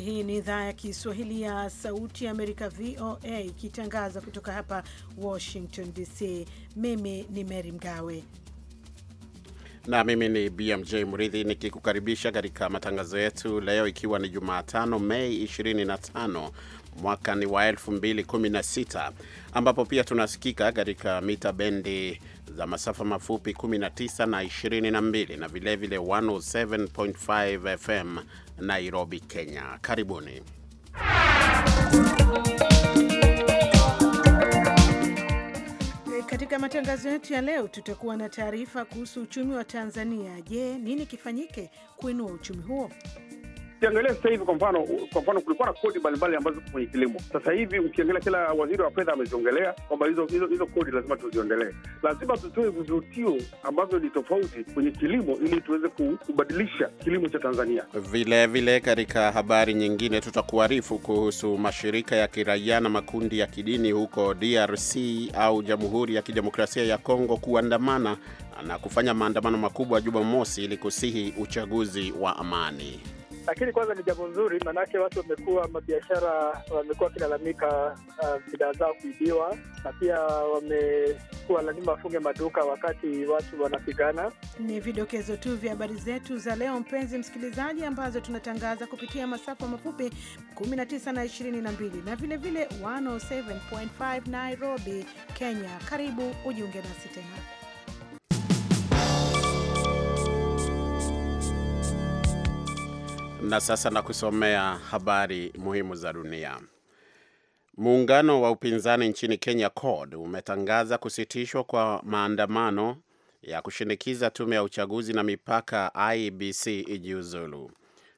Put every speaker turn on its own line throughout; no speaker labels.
Hii ni idhaa ya Kiswahili ya Sauti ya Amerika, VOA, ikitangaza kutoka hapa Washington DC. Mimi ni Mary Mgawe
na mimi ni BMJ Mridhi nikikukaribisha katika matangazo yetu leo, ikiwa ni Jumatano Mei 25 mwaka ni wa 2016, ambapo pia tunasikika katika mita bendi za masafa mafupi 19 na 22 na vilevile 107.5 FM Nairobi, Kenya. Karibuni.
Eh, katika matangazo yetu ya leo tutakuwa na taarifa kuhusu uchumi wa Tanzania. Je, nini kifanyike kuinua uchumi huo?
ukiangalia sasa hivi, kwa mfano kwa mfano, kulikuwa na kodi mbalimbali ambazo kwenye kilimo. Sasa hivi ukiangalia, kila waziri wa fedha ameziongelea kwamba hizo hizo kodi lazima tuziondelee, lazima tutoe vivutio ambavyo ni tofauti kwenye kilimo ili tuweze kubadilisha kilimo cha Tanzania.
vilevile vile, katika habari nyingine, tutakuarifu kuhusu mashirika ya kiraia na makundi ya kidini huko DRC au Jamhuri ya Kidemokrasia ya Kongo kuandamana na kufanya maandamano makubwa Jumamosi ili kusihi uchaguzi wa amani
lakini kwanza ni jambo nzuri, maanake watu wamekuwa mabiashara wamekuwa wakilalamika uh, bidhaa zao kuibiwa, na pia wamekuwa lazima wafunge maduka wakati watu wanapigana.
Ni vidokezo tu vya habari zetu za leo, mpenzi msikilizaji, ambazo tunatangaza kupitia masafa mafupi 19 na 22 na vilevile 107.5 Nairobi, Kenya. Karibu ujiunge nasi tena.
Na sasa nakusomea habari muhimu za dunia. Muungano wa upinzani nchini Kenya CORD umetangaza kusitishwa kwa maandamano ya kushinikiza tume ya uchaguzi na mipaka ibc ijiuzulu.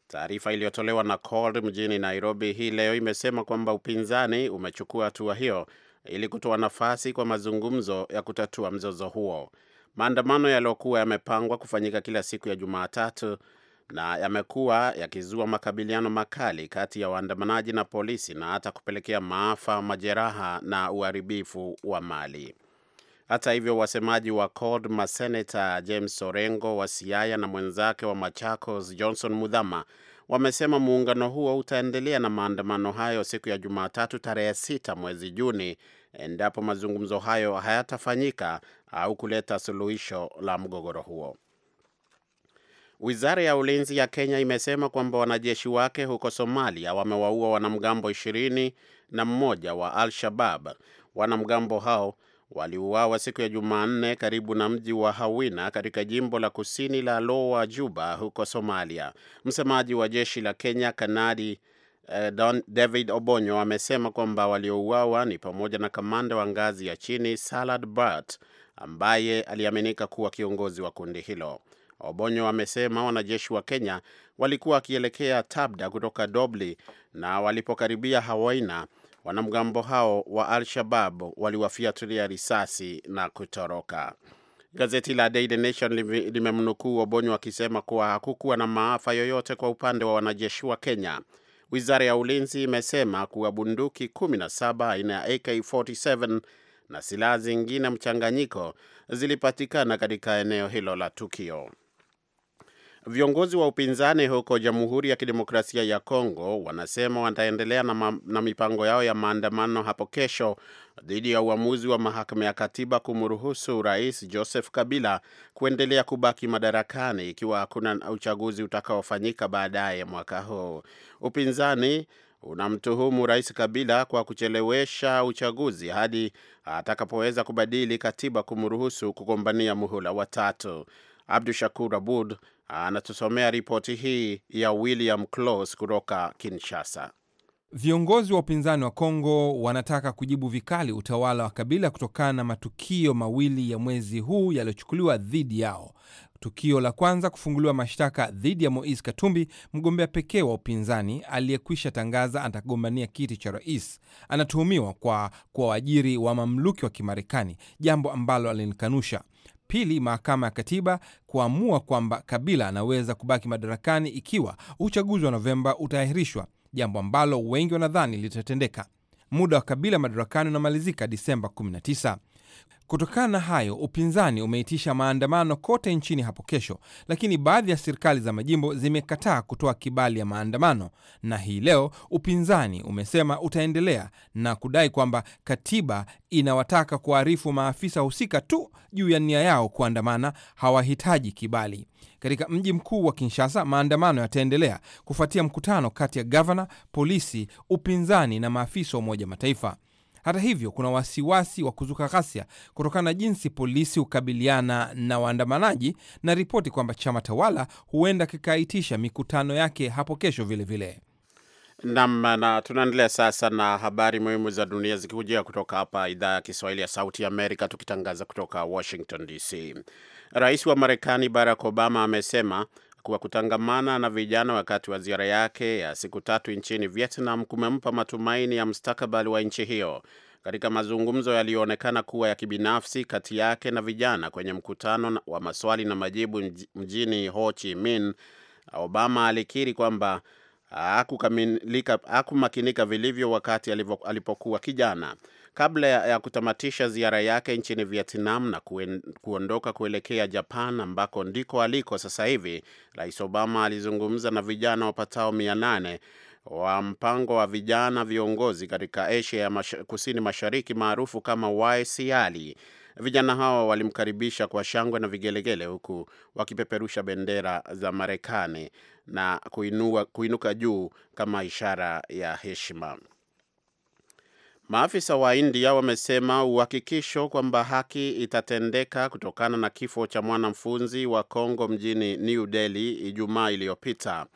Taarifa iliyotolewa na CORD mjini Nairobi hii leo imesema kwamba upinzani umechukua hatua hiyo ili kutoa nafasi kwa mazungumzo ya kutatua mzozo huo. Maandamano yaliyokuwa yamepangwa kufanyika kila siku ya Jumatatu na yamekuwa yakizua makabiliano makali kati ya waandamanaji na polisi na hata kupelekea maafa, majeraha na uharibifu wa mali. Hata hivyo, wasemaji wa CORD maseneta James Orengo wa Siaya na mwenzake wa Machakos Johnson Mudhama wamesema muungano huo utaendelea na maandamano hayo siku ya Jumatatu tarehe sita mwezi Juni endapo mazungumzo hayo hayatafanyika au kuleta suluhisho la mgogoro huo. Wizara ya ulinzi ya Kenya imesema kwamba wanajeshi wake huko Somalia wamewaua wanamgambo ishirini na mmoja wa Al-Shabab. Wanamgambo hao waliuawa siku ya Jumanne karibu na mji wa Hawina katika jimbo la kusini la Lower Juba huko Somalia. Msemaji wa jeshi la Kenya Kanadi eh, Don David Obonyo amesema kwamba waliouawa ni pamoja na kamanda wa ngazi ya chini Salad Bart ambaye aliaminika kuwa kiongozi wa kundi hilo. Obonyo amesema wanajeshi wa Kenya walikuwa wakielekea Tabda kutoka Dobli na walipokaribia Hawaina, wanamgambo hao wa Al-Shabab waliwafiatulia risasi na kutoroka. Gazeti la Daily Nation limemnukuu Obonyo akisema kuwa hakukuwa na maafa yoyote kwa upande wa wanajeshi wa Kenya. Wizara ya ulinzi imesema kuwa bunduki 17 aina ya AK47 na silaha zingine mchanganyiko zilipatikana katika eneo hilo la tukio. Viongozi wa upinzani huko Jamhuri ya Kidemokrasia ya Kongo wanasema wataendelea na, na mipango yao ya maandamano hapo kesho dhidi ya uamuzi wa mahakama ya katiba kumruhusu Rais Joseph Kabila kuendelea kubaki madarakani ikiwa hakuna uchaguzi utakaofanyika baadaye mwaka huu. Upinzani unamtuhumu Rais Kabila kwa kuchelewesha uchaguzi hadi atakapoweza kubadili katiba kumruhusu kugombania muhula watatu. Abdu Shakur Abud anatusomea ripoti hii ya William clos kutoka Kinshasa.
Viongozi wa upinzani wa Kongo wanataka kujibu vikali utawala wa Kabila kutokana na matukio mawili ya mwezi huu yaliyochukuliwa dhidi yao. Tukio la kwanza, kufunguliwa mashtaka dhidi ya Moise Katumbi, mgombea pekee wa upinzani aliyekwisha tangaza atagombania kiti cha rais. Anatuhumiwa kwa kuwa waajiri wa mamluki wa Kimarekani, jambo ambalo alilikanusha. Pili, mahakama ya katiba kuamua kwamba Kabila anaweza kubaki madarakani ikiwa uchaguzi wa Novemba utaahirishwa, jambo ambalo wengi wanadhani litatendeka. Muda wa Kabila madarakani unamalizika Disemba 19. Kutokana na hayo, upinzani umeitisha maandamano kote nchini hapo kesho, lakini baadhi ya serikali za majimbo zimekataa kutoa kibali ya maandamano, na hii leo upinzani umesema utaendelea na kudai kwamba katiba inawataka kuarifu maafisa husika tu juu ya nia yao kuandamana, hawahitaji kibali. Katika mji mkuu wa Kinshasa, maandamano yataendelea kufuatia mkutano kati ya gavana, polisi, upinzani na maafisa wa Umoja Mataifa. Hata hivyo, kuna wasiwasi wa kuzuka ghasia kutokana na jinsi polisi hukabiliana na waandamanaji na ripoti kwamba chama tawala huenda kikaitisha mikutano yake hapo kesho vilevile
vile. Nam na tunaendelea sasa na habari muhimu za dunia zikikujia kutoka hapa idhaa ya Kiswahili ya Sauti ya Amerika, tukitangaza kutoka Washington DC. Rais wa Marekani Barack Obama amesema kwa kutangamana na vijana wakati wa ziara yake ya siku tatu nchini Vietnam kumempa matumaini ya mustakabali wa nchi hiyo. Katika mazungumzo yaliyoonekana kuwa ya kibinafsi kati yake na vijana kwenye mkutano wa maswali na majibu mjini Ho Chi Minh, Obama alikiri kwamba hakumakinika vilivyo wakati alipokuwa kijana kabla ya kutamatisha ziara yake nchini Vietnam na kuondoka kuelekea Japan ambako ndiko aliko sasa hivi. Rais Obama alizungumza na vijana wapatao mia nane wa mpango wa vijana viongozi katika Asia ya mash kusini mashariki maarufu kama YSEALI. Vijana hao walimkaribisha kwa shangwe na vigelegele huku wakipeperusha bendera za Marekani na kuinua, kuinuka juu kama ishara ya heshima. Maafisa wa India wamesema uhakikisho kwamba haki itatendeka kutokana na kifo cha mwanafunzi wa Kongo mjini New Delhi Ijumaa iliyopita.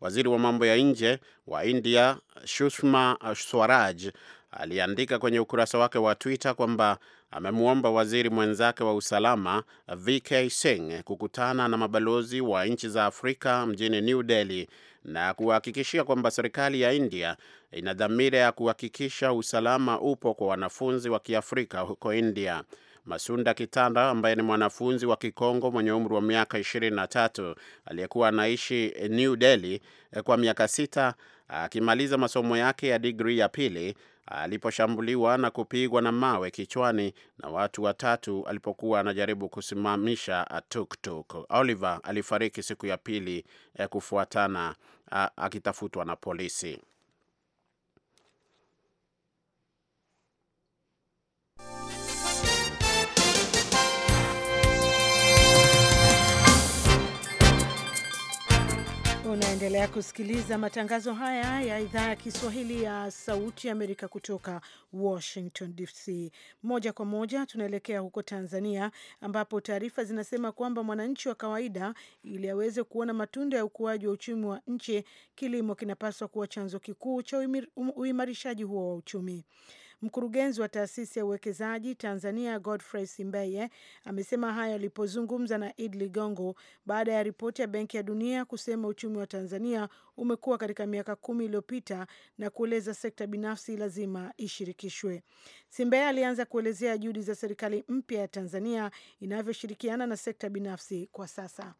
Waziri wa mambo ya nje wa India Sushma Swaraj aliandika kwenye ukurasa wake wa Twitter kwamba amemwomba waziri mwenzake wa usalama VK Singh kukutana na mabalozi wa nchi za Afrika mjini New Delhi na kuhakikishia kwamba serikali ya India ina dhamira ya kuhakikisha usalama upo kwa wanafunzi wa Kiafrika huko India. Masunda Kitanda ambaye ni mwanafunzi wa Kikongo mwenye umri wa miaka 23 aliyekuwa anaishi New Delhi kwa miaka sita akimaliza masomo yake ya digrii ya pili aliposhambuliwa na kupigwa na mawe kichwani na watu watatu alipokuwa anajaribu kusimamisha tuktuk. Oliver alifariki siku ya pili eh, kufuatana akitafutwa na polisi.
Unaendelea kusikiliza matangazo haya ya idhaa ya Kiswahili ya Sauti ya Amerika kutoka Washington DC. Moja kwa moja tunaelekea huko Tanzania, ambapo taarifa zinasema kwamba mwananchi wa kawaida, ili aweze kuona matunda ya ukuaji wa uchumi wa nchi, kilimo kinapaswa kuwa chanzo kikuu cha uimarishaji huo wa uchumi. Mkurugenzi wa taasisi ya uwekezaji Tanzania Godfrey Simbeye amesema hayo alipozungumza na Id Ligongo baada ya ripoti ya Benki ya Dunia kusema uchumi wa Tanzania umekuwa katika miaka kumi iliyopita na kueleza sekta binafsi lazima ishirikishwe. Simbeye alianza kuelezea juhudi za serikali mpya ya Tanzania inavyoshirikiana na sekta binafsi kwa sasa.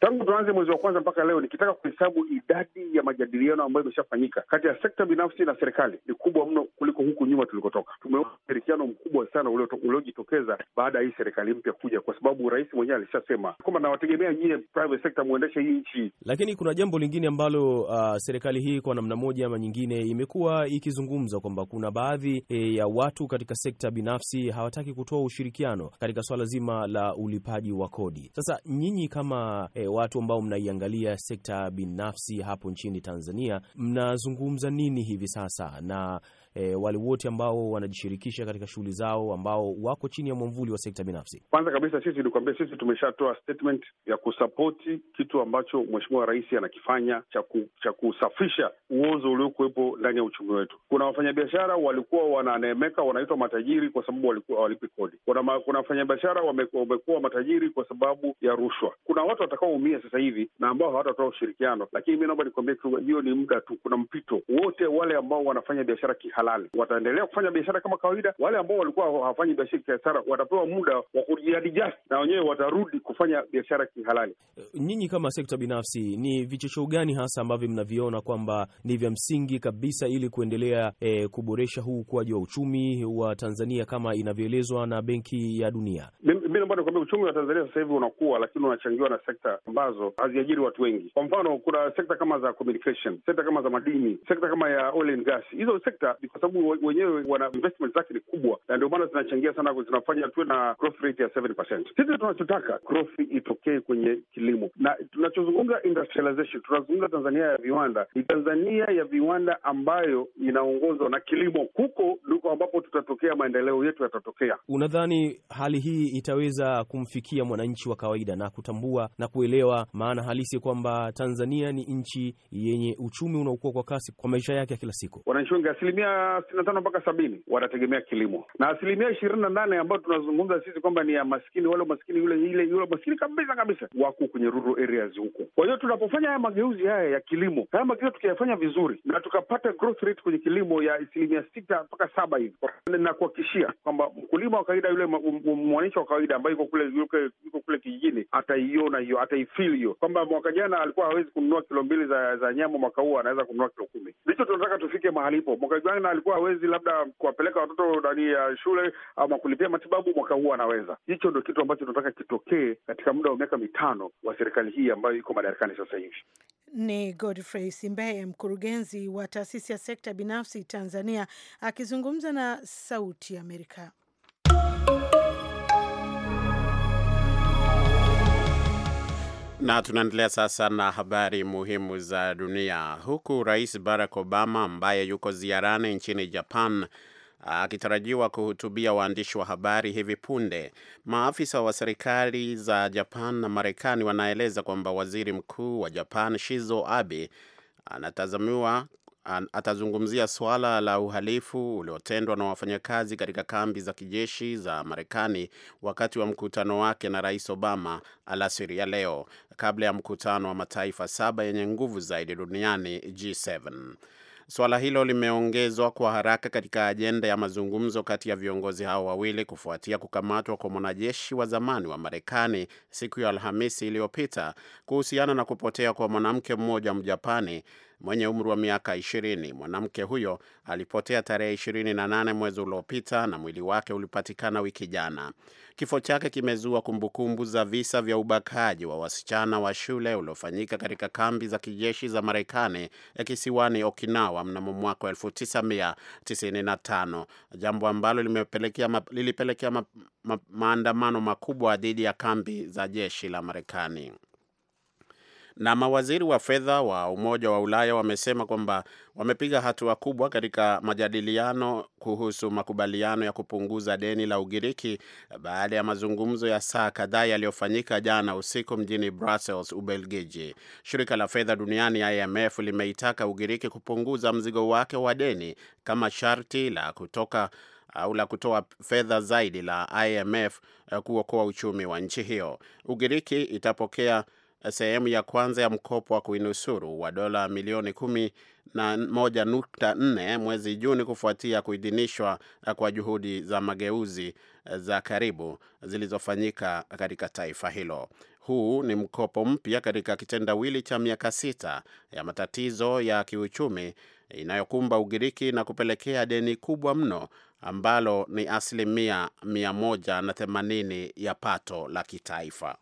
Tangu tuanze mwezi wa kwanza mpaka leo, nikitaka kuhesabu idadi ya majadiliano ambayo imeshafanyika kati ya sekta binafsi na serikali ni kubwa mno kuliko huku nyuma tulikotoka. Tumeona ushirikiano mkubwa sana uliojitokeza baada ya hii serikali mpya kuja, kwa sababu rais mwenyewe alishasema kwamba nawategemea nyie private sector hii nchi.
Lakini kuna jambo lingine ambalo uh, serikali hii kwa namna moja ama nyingine imekuwa ikizungumza kwamba kuna baadhi e, ya watu katika sekta binafsi hawataki kutoa ushirikiano katika swala zima la ulipaji wa kodi. Sasa nyinyi kama e, watu ambao mnaiangalia sekta binafsi hapo nchini Tanzania, mnazungumza nini hivi sasa na e, wale wote ambao wanajishirikisha katika shughuli zao ambao wako chini ya mwamvuli wa sekta binafsi?
Kwanza kabisa sisi nikuambia, sisi tumeshatoa statement ya kusapoti kitu ambacho mheshimiwa rais anakifanya cha cha kusafisha uozo uliokuwepo ndani ya uchumi wetu. Kuna wafanyabiashara walikuwa wananemeka, wanaitwa matajiri kwa sababu walikuwa walipi kodi. Kuna, kuna wafanyabiashara wamekuwa matajiri kwa sababu ya rushwa. Kuna watu watakaoumia sasa hivi na ambao hawatatoa ushirikiano, lakini mi naomba nikuambia hiyo ni muda tu, kuna mpito. Wote wale ambao wanafanya biashara kihala halali, wataendelea kufanya biashara kama kawaida. Wale ambao walikuwa hawafanyi biashara watapewa muda wa kujiadjust na wenyewe watarudi kufanya biashara kihalali.
Nyinyi kama sekta binafsi, ni vichocheo gani hasa ambavyo mnaviona kwamba ni vya msingi kabisa ili kuendelea e, kuboresha huu ukuaji wa uchumi wa Tanzania kama inavyoelezwa na Benki ya Dunia?
Mi naomba nikwambia, uchumi wa Tanzania sasa hivi unakuwa, lakini unachangiwa na sekta ambazo haziajiri watu wengi. Kwa mfano, kuna sekta kama za communication, sekta kama za madini, sekta kama ya oil and gas. Hizo sekta kwa sababu wenyewe wana investment zake ni kubwa, na ndio maana zinachangia sana, zinafanya tuwe na growth rate ya 7%. Sisi tunachotaka growth itokee kwenye kilimo, na tunachozungumza industrialization, tunazungumza Tanzania ya viwanda, ni Tanzania ya viwanda ambayo inaongozwa na kilimo. Huko ndiko ambapo tutatokea maendeleo yetu yatatokea.
Unadhani hali hii itaweza kumfikia mwananchi wa kawaida na kutambua na kuelewa maana halisi kwamba Tanzania ni nchi yenye uchumi unaokua kwa kasi kwa maisha yake ya kila siku?
Wananchi wengi asilimia asilimia sitini na tano mpaka sabini wanategemea kilimo, na asilimia ishirini na nane ambayo tunazungumza sisi kwamba ni ya maskini wale maskini yule ile yule maskini kabisa kabisa wako kwenye rural areas huko. Kwa hiyo tunapofanya haya mageuzi haya ya kilimo, haya mageuzi tukiyafanya vizuri na tukapata growth rate kwenye kilimo ya asilimia sita mpaka saba hivi, na kuhakikishia kwamba mkulima wa kawaida yule mwananchi wa kawaida ambaye yuko kule yuko kule kijijini ataiona hiyo, ataifil hiyo kwamba mwaka jana alikuwa hawezi kununua kilo mbili za, za nyama, mwaka huu anaweza kununua kilo kumi. Ndicho tunataka tufike mahali hipo mwaka jana jana alikuwa hawezi labda kuwapeleka watoto ndani ya shule ama kulipia matibabu, mwaka huu anaweza. Hicho ndio kitu ambacho tunataka kitokee katika muda wa miaka mitano wa serikali hii ambayo iko madarakani sasa hivi.
Ni Godfrey Simbeye, mkurugenzi wa taasisi ya sekta binafsi Tanzania, akizungumza na Sauti ya Amerika.
Na tunaendelea sasa na habari muhimu za dunia, huku Rais Barack Obama ambaye yuko ziarani nchini Japan akitarajiwa kuhutubia waandishi wa habari hivi punde. Maafisa wa serikali za Japan na Marekani wanaeleza kwamba waziri mkuu wa Japan Shizo Abe anatazamiwa atazungumzia suala la uhalifu uliotendwa na wafanyakazi katika kambi za kijeshi za Marekani wakati wa mkutano wake na Rais Obama alasiri ya leo kabla ya mkutano wa mataifa saba yenye nguvu zaidi duniani G7. Suala hilo limeongezwa kwa haraka katika ajenda ya mazungumzo kati ya viongozi hao wawili kufuatia kukamatwa kwa mwanajeshi wa zamani wa Marekani siku ya Alhamisi iliyopita kuhusiana na kupotea kwa mwanamke mmoja Mjapani mwenye umri wa miaka ishirini. Mwanamke huyo alipotea tarehe ishirini na nane mwezi uliopita na mwili wake ulipatikana wiki jana. Kifo chake kimezua kumbukumbu za visa vya ubakaji wa wasichana wa shule uliofanyika katika kambi za kijeshi za Marekani eh, kisiwani Okinawa mnamo mwaka wa tano jambo ambalo lilipelekea ma, ma, maandamano makubwa dhidi ya kambi za jeshi la Marekani. Na mawaziri wa fedha wa Umoja wa Ulaya wamesema kwamba wamepiga hatua kubwa katika majadiliano kuhusu makubaliano ya kupunguza deni la Ugiriki baada ya mazungumzo ya saa kadhaa yaliyofanyika jana usiku mjini Brussels, Ubelgiji. Shirika la fedha duniani IMF limeitaka Ugiriki kupunguza mzigo wake wa deni kama sharti la kutoka au la kutoa fedha zaidi la IMF eh, kuokoa uchumi wa nchi hiyo. Ugiriki itapokea Eh, sehemu ya kwanza ya mkopo wa kuinusuru wa dola milioni kumi na moja nukta nne mwezi Juni kufuatia kuidhinishwa eh, kwa juhudi za mageuzi eh, za karibu zilizofanyika katika taifa hilo. Huu ni mkopo mpya katika kitendawili cha miaka sita ya matatizo ya kiuchumi inayokumba Ugiriki na kupelekea deni kubwa mno ambalo ni asilimia mia moja na themanini ya pato la kitaifa.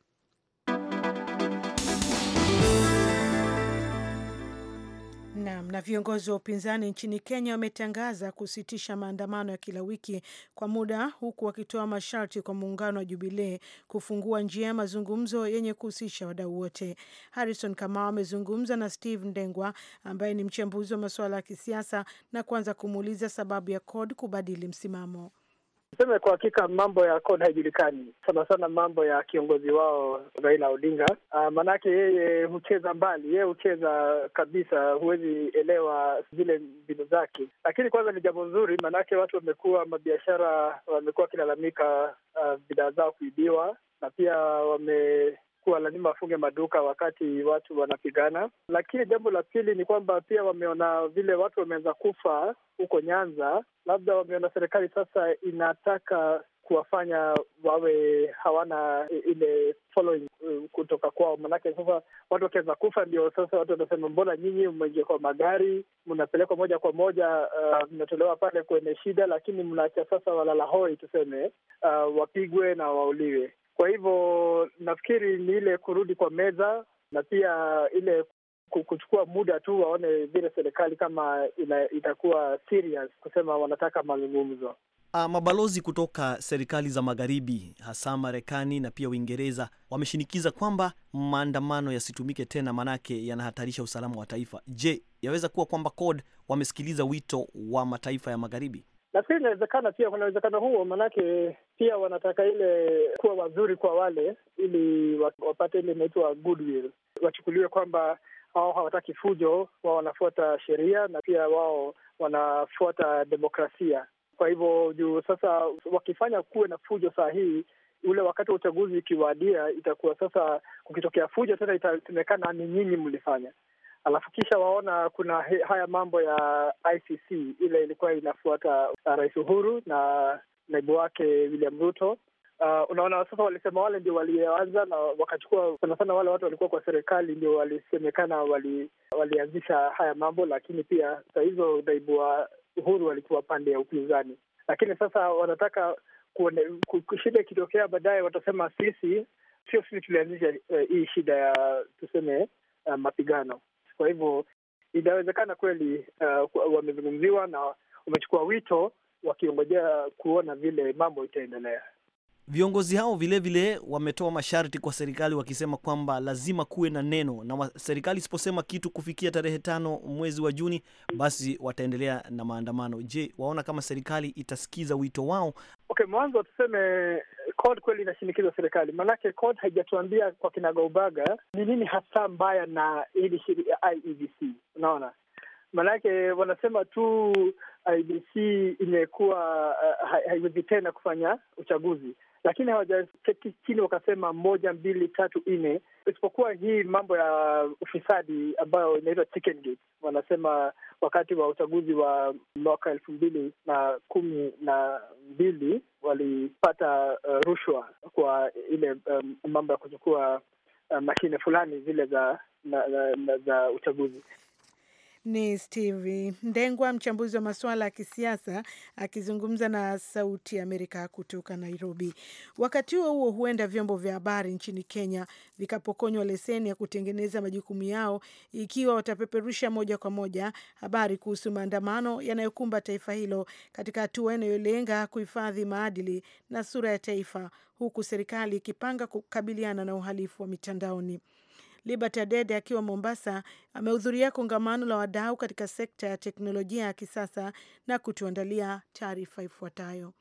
Naam, na viongozi wa upinzani nchini Kenya wametangaza kusitisha maandamano ya kila wiki kwa muda, huku wakitoa masharti kwa muungano wa Jubilee kufungua njia ya mazungumzo yenye kuhusisha wadau wote. Harrison Kamau amezungumza na Steve Ndengwa ambaye ni mchambuzi wa masuala ya kisiasa na kuanza kumuuliza sababu ya CORD kubadili msimamo.
Tuseme kwa hakika mambo ya CORD haijulikani sana sana, mambo ya kiongozi wao Raila Odinga. Uh, ah, maanake yeye hucheza mbali, yeye hucheza kabisa, huwezi elewa zile mbinu zake. Lakini kwanza ni jambo nzuri, maanake watu wamekuwa mabiashara, wamekuwa wakilalamika uh, bidhaa zao kuibiwa na pia wame kuwa lazima wafunge maduka wakati watu wanapigana. Lakini jambo la pili ni kwamba pia wameona vile watu wameanza kufa huko Nyanza, labda wameona serikali sasa inataka kuwafanya wawe hawana ile following uh, kutoka kwao. Manake sasa watu wakianza kufa, ndio sasa watu wanasema mbona nyinyi mmeingia kwa magari, mnapelekwa moja kwa moja, uh, mnatolewa uh, pale kwenye shida, lakini mnaacha sasa walala hoi tuseme, uh, wapigwe na wauliwe. Kwa hivyo nafikiri ni ile kurudi kwa meza na pia ile kuchukua muda tu waone vile serikali kama ina, itakuwa serious kusema wanataka mazungumzo.
Ah,
mabalozi kutoka serikali za magharibi hasa Marekani na pia Uingereza wameshinikiza kwamba maandamano yasitumike tena, manake yanahatarisha usalama wa taifa. Je, yaweza kuwa kwamba CORD wamesikiliza wito wa mataifa ya magharibi?
Nafikiri inawezekana pia, kuna uwezekano huo, maanake pia wanataka ile kuwa wazuri kwa wale, ili wapate ile inaitwa goodwill, wachukuliwe kwamba wao hawataki fujo, wao wanafuata sheria na pia wao wanafuata demokrasia. Kwa hivyo juu sasa wakifanya kuwe na fujo saa hii, ule wakati wa uchaguzi ikiwadia, itakuwa sasa kukitokea fujo tena itasemekana ni nyinyi mlifanya alafu kisha waona kuna haya mambo ya ICC ile ilikuwa inafuata uh, Rais Uhuru na naibu wake William Ruto. Uh, unaona sasa, walisema wale ndio walioanza na wakachukua sana sana, wale watu walikuwa kwa serikali ndio walisemekana wali, walianzisha haya mambo, lakini pia saa hizo naibu wa Uhuru walikuwa pande ya upinzani, lakini sasa wanataka kuone, shida ikitokea baadaye watasema sisi sio sisi tulianzisha uh, hii shida ya tuseme uh, mapigano kwa hivyo inawezekana kweli uh, wamezungumziwa na wamechukua wito wakiongojea kuona vile mambo itaendelea.
Viongozi hao vilevile wametoa masharti kwa serikali wakisema kwamba lazima kuwe na neno na serikali isiposema kitu kufikia tarehe tano mwezi wa Juni, basi wataendelea na maandamano. Je, waona kama serikali itasikiza wito wao?
Okay, mwanzo tuseme eh, CORD kweli inashinikiza serikali, maanake CORD haijatuambia kwa kinagaubaga ni nini hasa mbaya na hili IEBC, eh, e unaona maanake wanasema tu IBC e imekuwa uh, haiwezi tena kufanya uchaguzi, lakini hawajaketi chini wakasema moja, mbili, tatu, nne, isipokuwa hii mambo ya ufisadi ambayo inaitwa chicken gate. Wanasema wakati wa uchaguzi wa mwaka elfu mbili na kumi na mbili walipata uh, rushwa kwa ile um, mambo ya kuchukua uh, mashine fulani zile za na, na, na, za uchaguzi.
Ni Steve Ndengwa, mchambuzi wa masuala ya kisiasa akizungumza na Sauti ya Amerika kutoka Nairobi. Wakati huo huo, huenda vyombo vya habari nchini Kenya vikapokonywa leseni ya kutengeneza majukumu yao ikiwa watapeperusha moja kwa moja habari kuhusu maandamano yanayokumba taifa hilo katika hatua inayolenga kuhifadhi maadili na sura ya taifa, huku serikali ikipanga kukabiliana na uhalifu wa mitandaoni. Libert Adede akiwa Mombasa amehudhuria kongamano la wadau katika sekta ya teknolojia ya kisasa na kutuandalia taarifa ifuatayo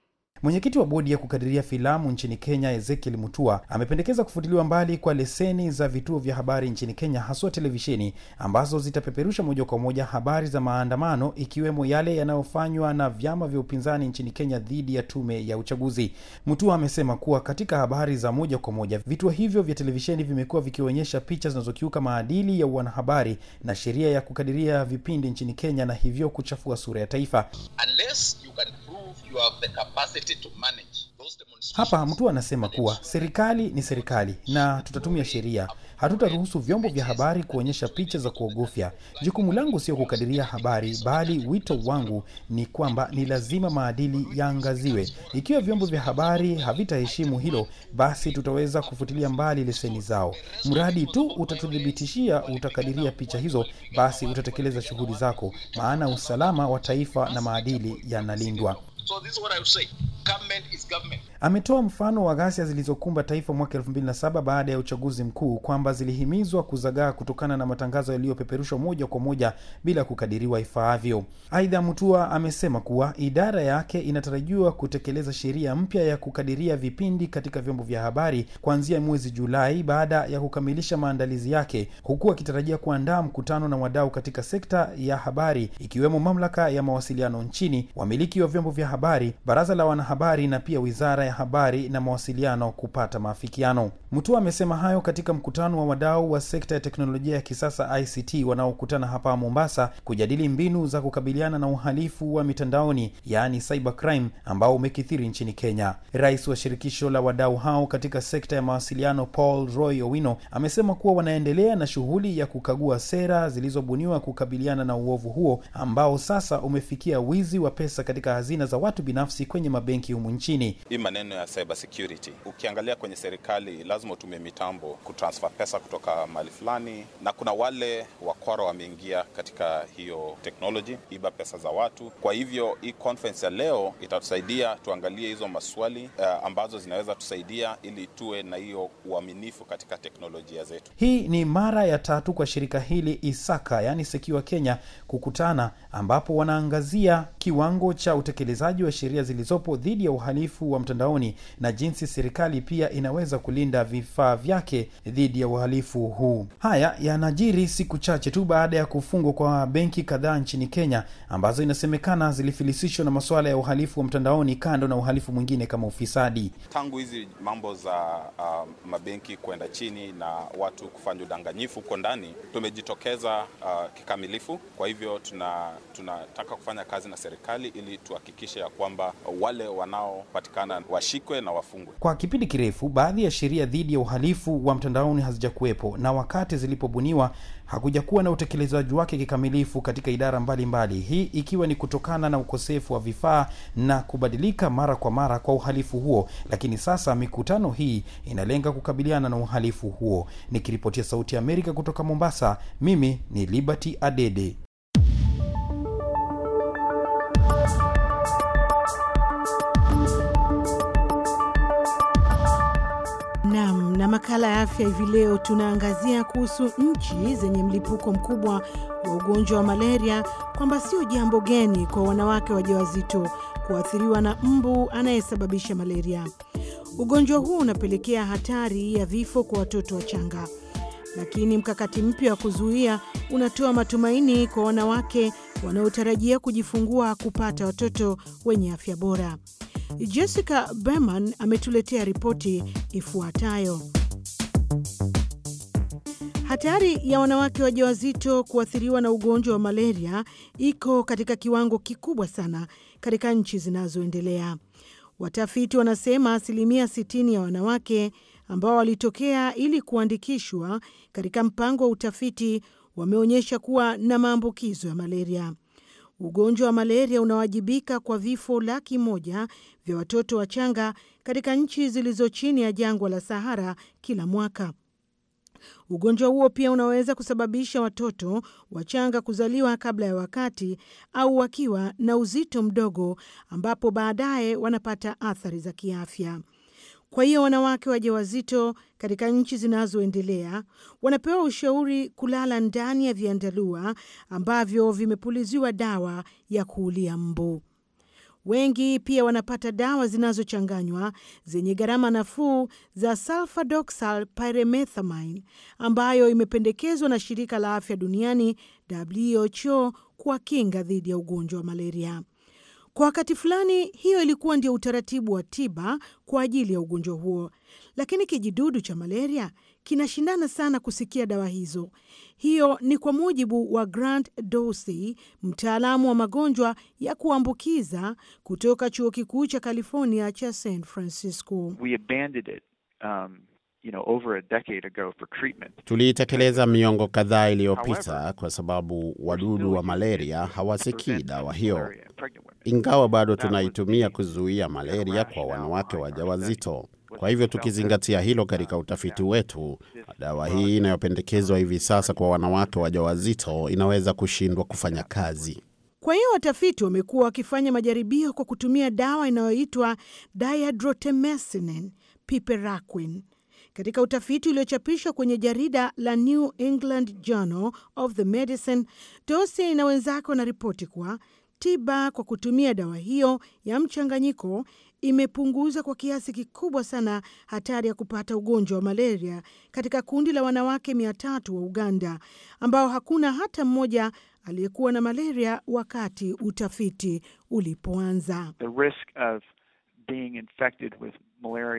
mwenyekiti wa bodi ya kukadiria filamu nchini kenya ezekiel mutua amependekeza kufutiliwa mbali kwa leseni za vituo vya habari nchini kenya haswa televisheni ambazo zitapeperusha moja kwa moja habari za maandamano ikiwemo yale yanayofanywa na vyama vya upinzani nchini kenya dhidi ya tume ya uchaguzi mutua amesema kuwa katika habari za moja kwa moja vituo hivyo vya televisheni vimekuwa vikionyesha picha zinazokiuka maadili ya wanahabari na sheria ya kukadiria vipindi nchini kenya na hivyo kuchafua sura ya taifa Unless hapa mtu anasema kuwa serikali ni serikali na tutatumia sheria hatutaruhusu vyombo vya habari kuonyesha picha za kuogofya jukumu langu sio kukadiria habari bali wito wangu ni kwamba ni lazima maadili yaangaziwe ikiwa vyombo vya habari havitaheshimu hilo basi tutaweza kufutilia mbali leseni zao mradi tu utatuthibitishia utakadiria picha hizo basi utatekeleza shughuli zako maana usalama wa taifa na maadili yanalindwa So this is what I would say. Ametoa mfano wa ghasia zilizokumba taifa mwaka 2007 baada ya uchaguzi mkuu kwamba zilihimizwa kuzagaa kutokana na matangazo yaliyopeperushwa moja kwa moja bila kukadiriwa ifaavyo. Aidha, Mutua amesema kuwa idara yake inatarajiwa kutekeleza sheria mpya ya kukadiria vipindi katika vyombo vya habari kuanzia mwezi Julai baada ya kukamilisha maandalizi yake, huku akitarajia kuandaa mkutano na wadau katika sekta ya habari ikiwemo mamlaka ya mawasiliano nchini, wamiliki wa vyombo vya habari, baraza la wanahabari habari na pia wizara ya habari na mawasiliano kupata maafikiano. Mutua amesema hayo katika mkutano wa wadau wa sekta ya teknolojia ya kisasa ICT wanaokutana hapa Mombasa kujadili mbinu za kukabiliana na uhalifu wa mitandaoni yaani cybercrime ambao umekithiri nchini Kenya. Rais wa shirikisho la wadau hao katika sekta ya mawasiliano Paul Roy Owino amesema kuwa wanaendelea na shughuli ya kukagua sera zilizobuniwa kukabiliana na uovu huo ambao sasa umefikia wizi wa pesa katika hazina za watu binafsi kwenye mabenki benki humu nchini.
Hii maneno ya cyber security, ukiangalia kwenye serikali lazima utumie mitambo kutransfer pesa kutoka mahali fulani, na kuna wale wakora wameingia katika hiyo technology, iba pesa za watu. Kwa hivyo hii conference ya leo itatusaidia tuangalie hizo maswali uh, ambazo zinaweza tusaidia ili tuwe na hiyo uaminifu katika teknolojia zetu.
Hii ni mara ya tatu kwa shirika hili Isaka, yani Secure Kenya, kukutana ambapo wanaangazia kiwango cha utekelezaji wa sheria zilizopo dhidi dhidi ya uhalifu wa mtandaoni na jinsi serikali pia inaweza kulinda vifaa vyake dhidi ya uhalifu huu. Haya yanajiri siku chache tu baada ya kufungwa kwa benki kadhaa nchini Kenya ambazo inasemekana zilifilisishwa na masuala ya uhalifu wa mtandaoni, kando na uhalifu mwingine kama ufisadi.
Tangu hizi mambo za uh, mabenki kwenda chini na watu kufanya udanganyifu huko ndani, tumejitokeza uh, kikamilifu. Kwa hivyo tunataka tuna kufanya kazi na serikali ili tuhakikishe ya kwamba wale wa wanaopatikana washikwe na wafungwe.
Kwa kipindi kirefu, baadhi ya sheria dhidi ya uhalifu wa mtandaoni hazijakuwepo na wakati zilipobuniwa hakujakuwa na utekelezaji wake kikamilifu katika idara mbalimbali mbali. Hii ikiwa ni kutokana na ukosefu wa vifaa na kubadilika mara kwa mara kwa uhalifu huo, lakini sasa mikutano hii inalenga kukabiliana na uhalifu huo. Nikiripotia Sauti ya Amerika kutoka Mombasa, mimi ni Liberty Adede.
na makala ya afya hivi leo tunaangazia kuhusu nchi zenye mlipuko mkubwa wa ugonjwa wa malaria, kwamba sio jambo geni kwa wanawake wajawazito kuathiriwa na mbu anayesababisha malaria. Ugonjwa huu unapelekea hatari ya vifo kwa watoto wachanga, lakini mkakati mpya wa kuzuia unatoa matumaini kwa wanawake wanaotarajia kujifungua kupata watoto wenye afya bora. Jessica Berman ametuletea ripoti ifuatayo. Hatari ya wanawake wajawazito kuathiriwa na ugonjwa wa malaria iko katika kiwango kikubwa sana katika nchi zinazoendelea. Watafiti wanasema asilimia 60 ya wanawake ambao walitokea ili kuandikishwa katika mpango wa utafiti wameonyesha kuwa na maambukizo ya malaria ugonjwa wa malaria unawajibika kwa vifo laki moja vya watoto wachanga katika nchi zilizo chini ya jangwa la Sahara kila mwaka. Ugonjwa huo pia unaweza kusababisha watoto wachanga kuzaliwa kabla ya wakati au wakiwa na uzito mdogo, ambapo baadaye wanapata athari za kiafya. Kwa hiyo wanawake wajawazito katika nchi zinazoendelea wanapewa ushauri kulala ndani ya viandalua ambavyo vimepuliziwa dawa ya kuulia mbu. Wengi pia wanapata dawa zinazochanganywa zenye gharama nafuu za sulfadoxal pyrimethamine ambayo imependekezwa na shirika la afya duniani WHO kwa kinga dhidi ya ugonjwa wa malaria. Kwa wakati fulani, hiyo ilikuwa ndio utaratibu wa tiba kwa ajili ya ugonjwa huo, lakini kijidudu cha malaria kinashindana sana kusikia dawa hizo. Hiyo ni kwa mujibu wa Grant Dorsey, mtaalamu wa magonjwa ya kuambukiza kutoka chuo kikuu cha California cha San Francisco.
We abandoned it, um, you know, over a decade ago for treatment.
Tuliitekeleza uh, miongo kadhaa iliyopita kwa sababu wadudu wa malaria hawasikii dawa hiyo, ingawa bado tunaitumia kuzuia malaria kwa wanawake wajawazito. Kwa hivyo tukizingatia hilo katika utafiti wetu, dawa hii inayopendekezwa hivi sasa kwa wanawake wajawazito inaweza kushindwa kufanya kazi.
Kwa hiyo watafiti wamekuwa wakifanya majaribio kwa kutumia dawa inayoitwa diadrotemesinin piperaquine katika utafiti uliochapishwa kwenye jarida la New England Journal of the Medicine, Tosi na wenzake wanaripoti kuwa tiba kwa kutumia dawa hiyo ya mchanganyiko imepunguza kwa kiasi kikubwa sana hatari ya kupata ugonjwa wa malaria katika kundi la wanawake mia tatu wa Uganda ambao hakuna hata mmoja aliyekuwa na malaria wakati utafiti ulipoanza.
The risk of being infected with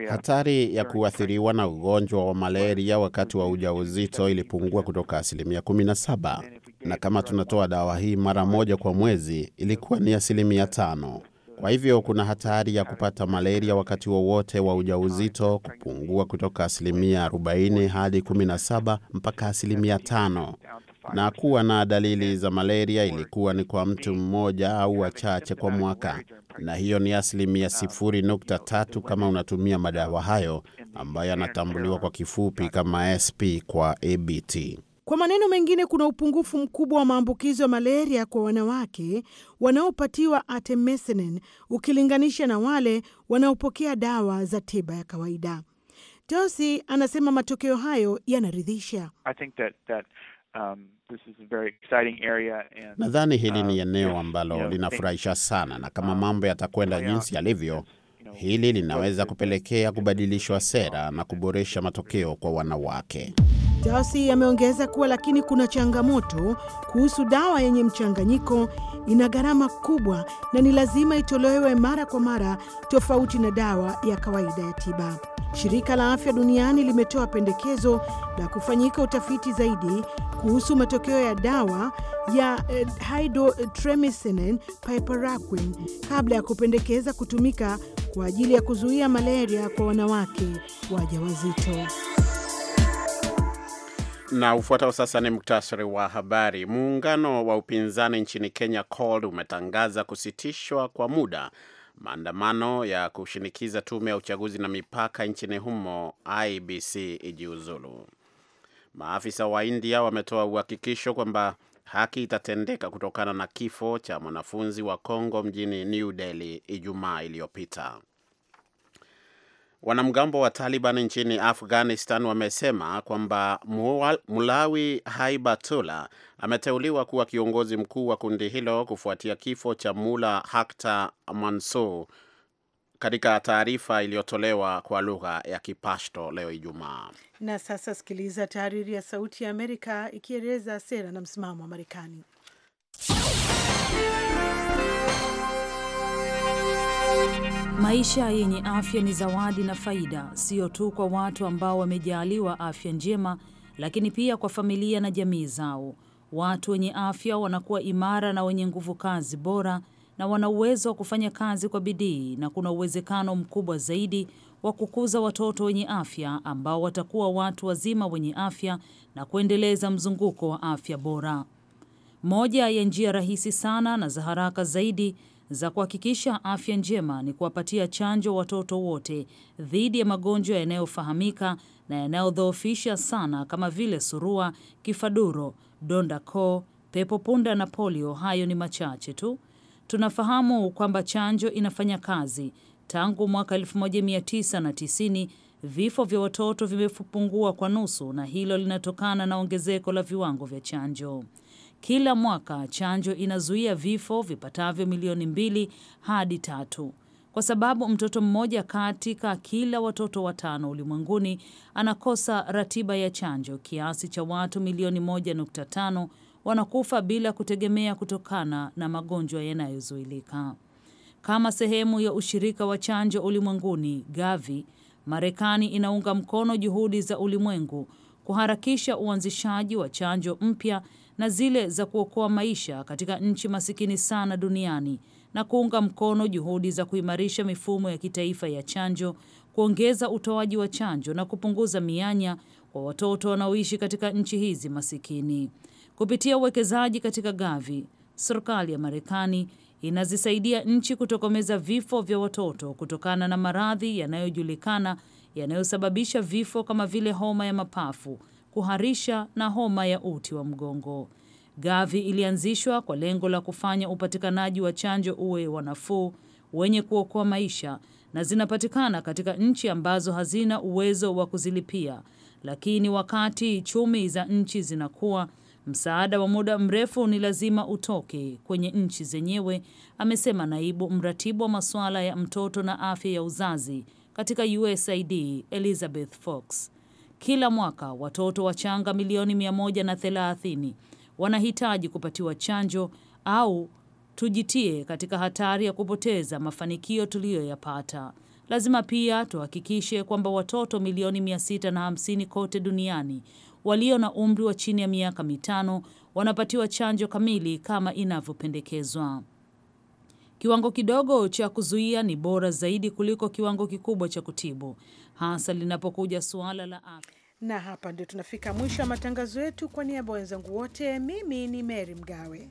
Hatari ya kuathiriwa na ugonjwa wa malaria wakati wa ujauzito ilipungua kutoka asilimia 17, na kama tunatoa dawa hii mara moja kwa mwezi ilikuwa ni asilimia tano. Kwa hivyo kuna hatari ya kupata malaria wakati wowote wa, wa ujauzito kupungua kutoka asilimia 40 hadi 17 mpaka asilimia tano na kuwa na dalili za malaria ilikuwa ni kwa mtu mmoja au wachache kwa mwaka, na hiyo ni asilimia sifuri nukta tatu kama unatumia madawa hayo ambayo yanatambuliwa kwa kifupi kama SP kwa ABT.
Kwa maneno mengine, kuna upungufu mkubwa wa maambukizo ya malaria kwa wanawake wanaopatiwa artemisinin ukilinganisha na wale wanaopokea dawa za tiba ya kawaida. tosi anasema matokeo hayo yanaridhisha.
Um, this is a very exciting area and, nadhani hili ni um, eneo ambalo you know, linafurahisha
sana na kama um, mambo yatakwenda oh, jinsi yalivyo, hili linaweza kupelekea kubadilishwa sera na kuboresha matokeo kwa wanawake.
Dasi ameongeza kuwa lakini kuna changamoto kuhusu dawa yenye mchanganyiko, ina gharama kubwa na ni lazima itolewe mara kwa mara, tofauti na dawa ya kawaida ya tiba. Shirika la Afya Duniani limetoa pendekezo la kufanyika utafiti zaidi kuhusu matokeo ya dawa ya eh, hydroxystromycin piperaquine kabla ya kupendekeza kutumika kwa ajili ya kuzuia malaria kwa wanawake wajawazito.
Na ufuatao sasa ni muktasari wa habari. Muungano wa upinzani nchini Kenya CORD umetangaza kusitishwa kwa muda maandamano ya kushinikiza tume ya uchaguzi na mipaka nchini humo IBC ijiuzulu. Maafisa wa India wametoa uhakikisho kwamba haki itatendeka kutokana na kifo cha mwanafunzi wa Kongo mjini New Delhi Ijumaa iliyopita. Wanamgambo wa Taliban nchini Afghanistan wamesema kwamba Mulawi haibatula ameteuliwa kuwa kiongozi mkuu wa kundi hilo kufuatia kifo cha Mula Hakta Mansur katika taarifa iliyotolewa kwa lugha ya Kipashto leo Ijumaa.
Na sasa sikiliza tahariri ya Sauti ya Amerika ikieleza sera na msimamo wa Marekani.
Maisha yenye afya ni zawadi na faida, sio tu kwa watu ambao wamejaaliwa afya njema, lakini pia kwa familia na jamii zao. Watu wenye afya wanakuwa imara na wenye nguvu kazi bora na wana uwezo wa kufanya kazi kwa bidii, na kuna uwezekano mkubwa zaidi wa kukuza watoto wenye afya ambao watakuwa watu wazima wenye afya na kuendeleza mzunguko wa afya bora. Moja ya njia rahisi sana na za haraka zaidi za kuhakikisha afya njema ni kuwapatia chanjo watoto wote dhidi ya magonjwa yanayofahamika na yanayodhoofisha sana kama vile surua, kifaduro, donda koo, pepo punda na polio. Hayo ni machache tu. Tunafahamu kwamba chanjo inafanya kazi. Tangu mwaka 1990 vifo vya watoto vimepungua kwa nusu, na hilo linatokana na ongezeko la viwango vya chanjo. Kila mwaka chanjo inazuia vifo vipatavyo milioni mbili hadi tatu kwa sababu mtoto mmoja katika kila watoto watano ulimwenguni anakosa ratiba ya chanjo. Kiasi cha watu milioni moja 5 wanakufa bila kutegemea kutokana na magonjwa yanayozuilika. Kama sehemu ya ushirika wa chanjo ulimwenguni Gavi, Marekani inaunga mkono juhudi za ulimwengu kuharakisha uanzishaji wa chanjo mpya na zile za kuokoa maisha katika nchi masikini sana duniani na kuunga mkono juhudi za kuimarisha mifumo ya kitaifa ya chanjo, kuongeza utoaji wa chanjo na kupunguza mianya kwa watoto wanaoishi katika nchi hizi masikini. Kupitia uwekezaji katika Gavi, serikali ya Marekani inazisaidia nchi kutokomeza vifo vya watoto kutokana na maradhi yanayojulikana yanayosababisha vifo kama vile homa ya mapafu kuharisha na homa ya uti wa mgongo. Gavi ilianzishwa kwa lengo la kufanya upatikanaji wa chanjo uwe wa nafuu, wenye kuokoa maisha na zinapatikana katika nchi ambazo hazina uwezo wa kuzilipia. Lakini wakati chumi za nchi zinakuwa, msaada wa muda mrefu ni lazima utoke kwenye nchi zenyewe, amesema naibu mratibu wa masuala ya mtoto na afya ya uzazi katika USAID Elizabeth Fox. Kila mwaka watoto wachanga milioni 130 wanahitaji kupatiwa chanjo au tujitie katika hatari ya kupoteza mafanikio tuliyoyapata. Lazima pia tuhakikishe kwamba watoto milioni 650 kote duniani walio na umri wa chini ya miaka mitano wanapatiwa chanjo kamili kama inavyopendekezwa. Kiwango kidogo cha kuzuia ni bora zaidi kuliko kiwango kikubwa cha kutibu hasa linapokuja suala la afya.
Na hapa ndio tunafika mwisho wa matangazo yetu. Kwa niaba ya wenzangu wote, mimi ni Mary Mgawe.